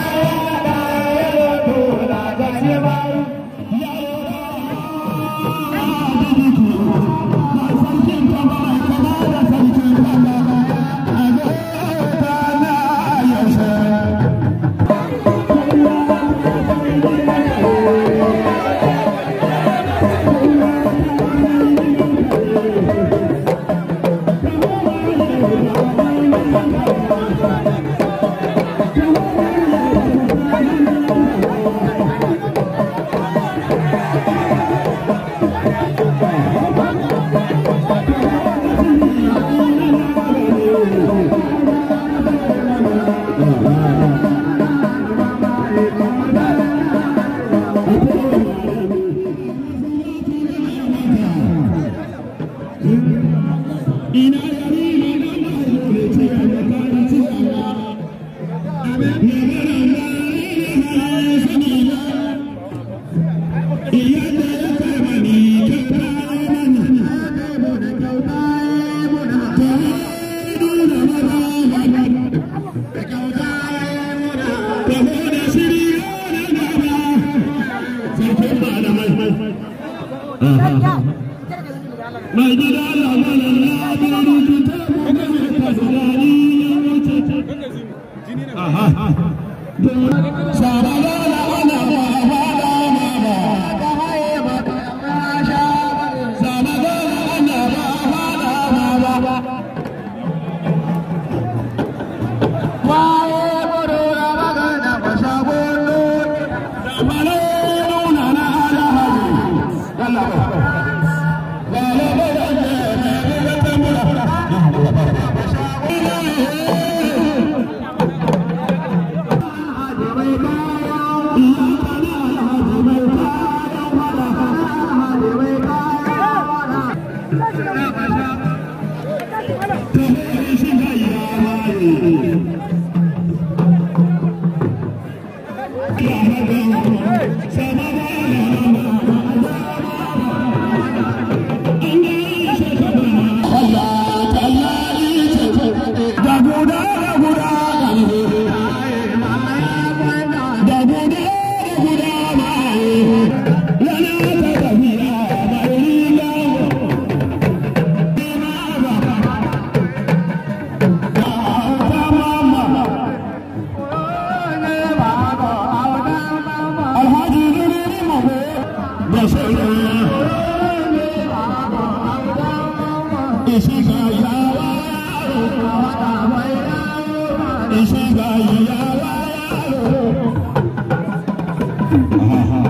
a day of faith. A day of high priced, A day of peaceheeote A day of distance, With Sестına Uh-huh. mai gida da malam ya wuce aha on. 嗯好好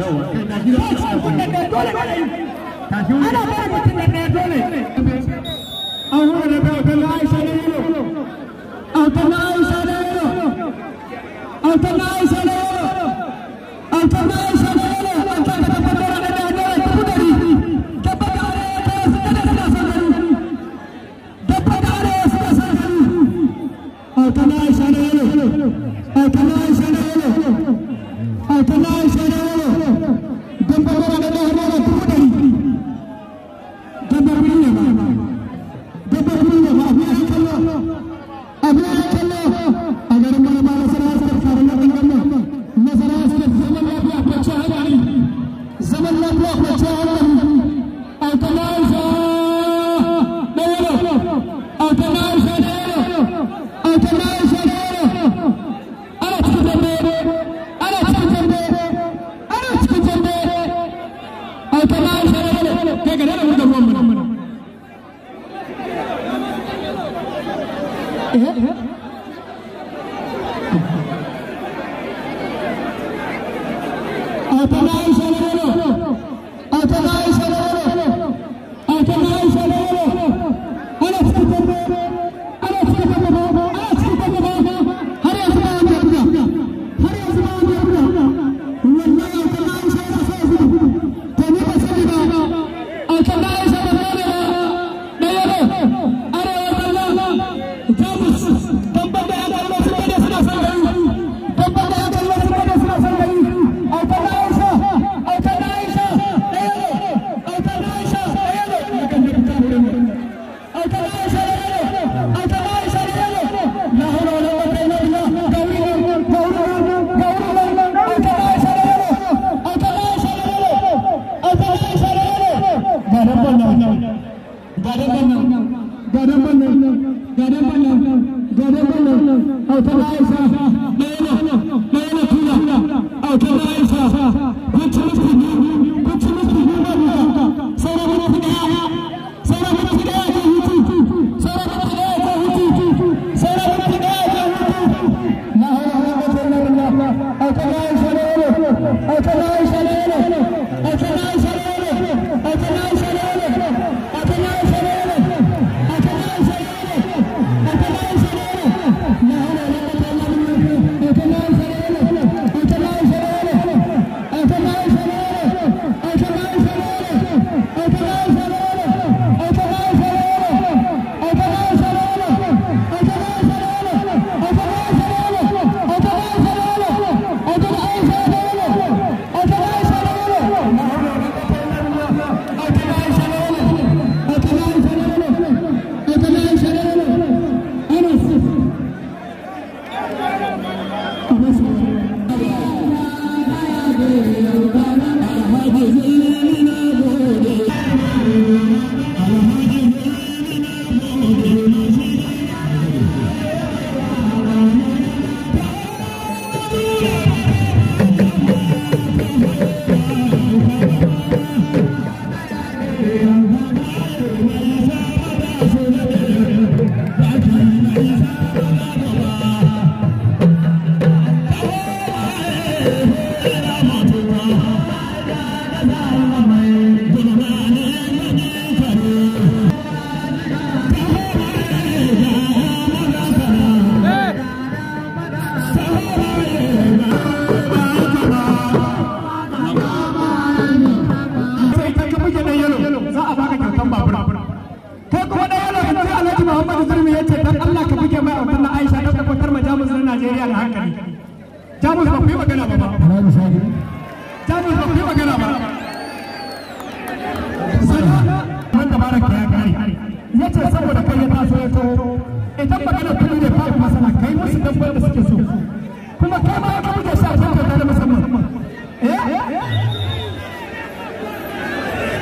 yawa ana kuma da dole ba mutum da dole an hura da bai da Yeah, yeah. Muhammadu Zurmi ya ce dan Allah ka buge mai abin na Aisha da kwatar ma Jamus na Najeriya da hankali Jamus ba ku yi magana ba Jamus ba ku yi magana ba Sana tabarak ya kare ya ce saboda kai ya taso ya taho idan magana tuni ne babu masana kai musu dabbar da suke so kuma kai ma ya buge shi a cikin da musamman eh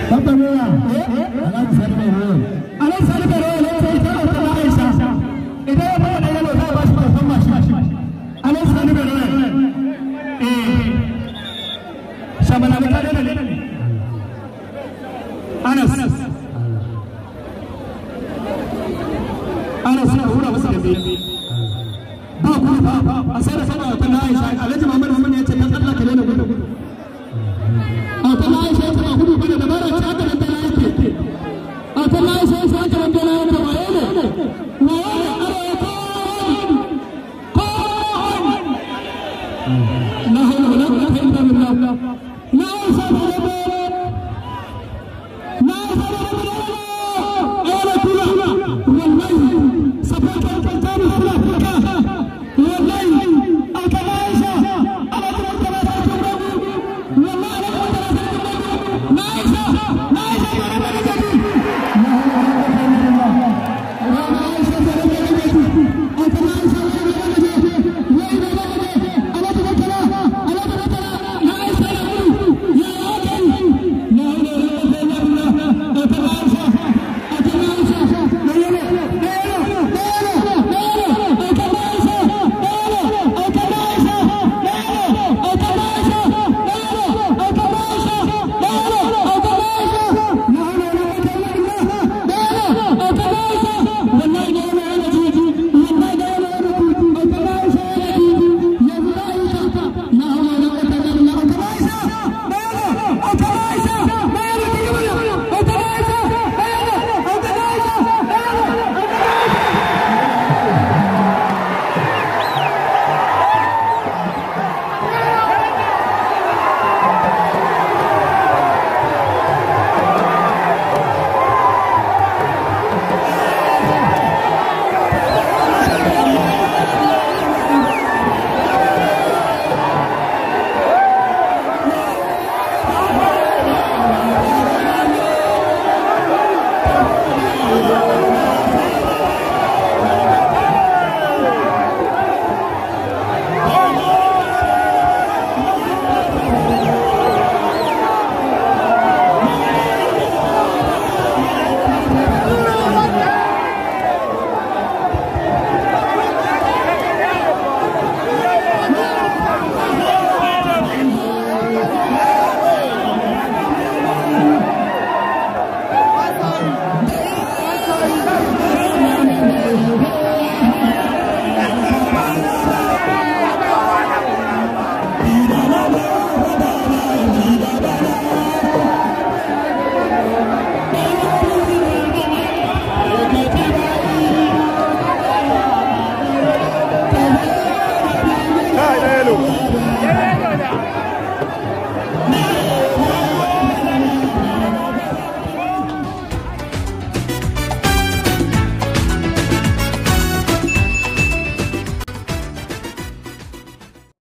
Tanta Mia, Alan Sarbe Royal. Alan Sarbe Royal,